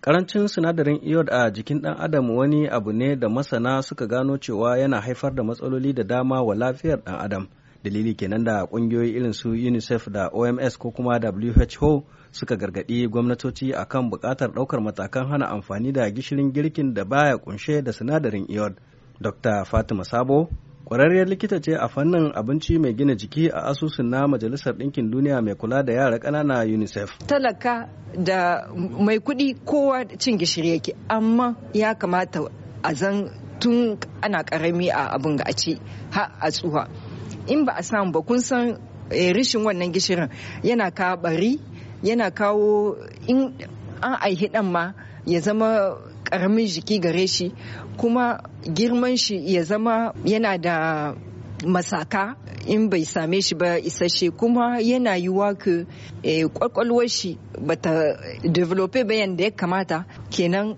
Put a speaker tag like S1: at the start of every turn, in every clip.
S1: Karancin sinadarin iod a jikin ɗan adam wani abu ne da masana suka gano cewa yana haifar da matsaloli da dama wa lafiyar ɗan adam. Dalili kenan da ƙungiyoyi irin su UNICEF da OMS ko kuma WHO suka gargaɗi gwamnatoci akan buƙatar ɗaukar matakan hana amfani da gishirin girkin da baya ƙunshe da sinadarin iod. Dr. Fatima Sabo Kwararriyar likita ce a fannin abinci mai gina jiki a asusun na Majalisar Ɗinkin Duniya mai kula da yara ƙanana UNICEF.
S2: Talaka da mai kuɗi kowa cin gishiri yake, amma ya kamata a zan tun ana ƙarami a abin ga a ci har a tsuha. In ba a samu ba kun san eh, rishin wannan gishirin yana kawo bari yana kawo in an aihi ɗan ma ya zama karamin jiki gare shi kuma girman shi ya zama yana da masaka in bai same shi ba isasshe kuma yana yiwuwa ka kwakwalwar eh, shi bata develope ba yanda ya kamata kenan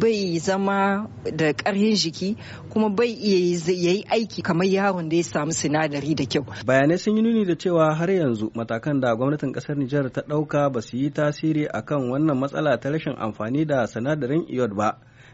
S2: bai zama da ƙarfin jiki kuma bai iya yayi aiki kamar yaron da ya samu sinadari da kyau.
S1: Bayanai sun yi nuni da cewa har yanzu matakan da gwamnatin ƙasar Nijar ta ɗauka ba su yi tasiri akan wannan matsala ta rashin amfani da sinadarin iod ba.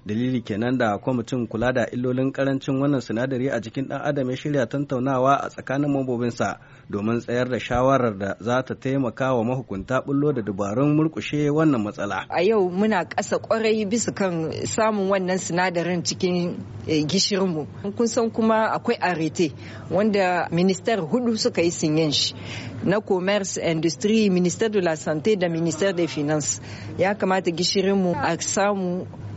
S1: Dalili kenan da kwamitin kula da illolin karancin wannan sinadari a jikin ɗan adam ya shirya tantaunawa a tsakanin mambobinsa domin tsayar da shawarar da za ta taimaka wa mahukunta bullo da dabarun murkushe wannan matsala.
S2: A yau muna kasa kwarai bisa kan samun wannan sinadarin cikin eh, gishirinmu kun san kuma akwai arete wanda minister hudu suka yi sinyan shi na commerce industry minister de la santé da minister de finance ya kamata gishirinmu a samu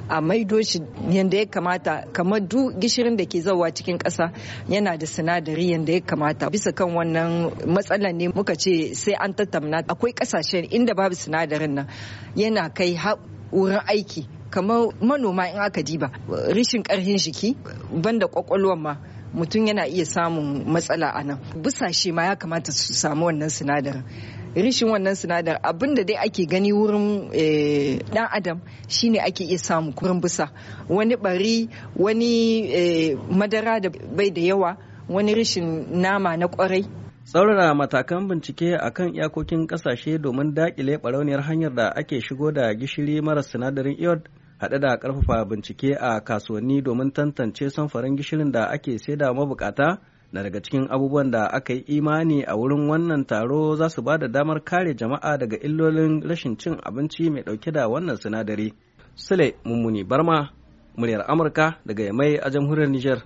S2: a maido shi yadda ya kamata kamar duk gishirin da ke zauwa cikin kasa yana da sinadari yadda ya kamata bisa kan wannan matsalar ne muka ce sai an tattauna akwai ƙasashen inda babu sinadarin nan yana kai wurin aiki kamar manoma in aka diba rishin karhin jiki banda kwakwalwar ma mutum yana iya samun matsala a nan busashe ma ya kamata su samu wannan sinadarin rishin wannan sinadar abin da dai ake gani wurin dan eh, adam shine ake iya samu kurin busa wani bari wani eh, madara da bai da yawa wani rishin nama na kwarai
S1: tsaurara matakan bincike a kan iyakokin kasashe domin dakile barauniyar hanyar da ake shigo da gishiri mara sinadarin iod haɗe da ƙarfafa bincike a kasuwanni domin tantance samfarin gishirin da ake saida mabukata na daga cikin abubuwan da aka yi imani a wurin wannan taro za su ba da damar kare jama'a daga illolin rashin cin abinci mai ɗauke da wannan sinadari. Sule Mummuni Barma, muryar Amurka daga Yamai a jamhuriyar Nijar.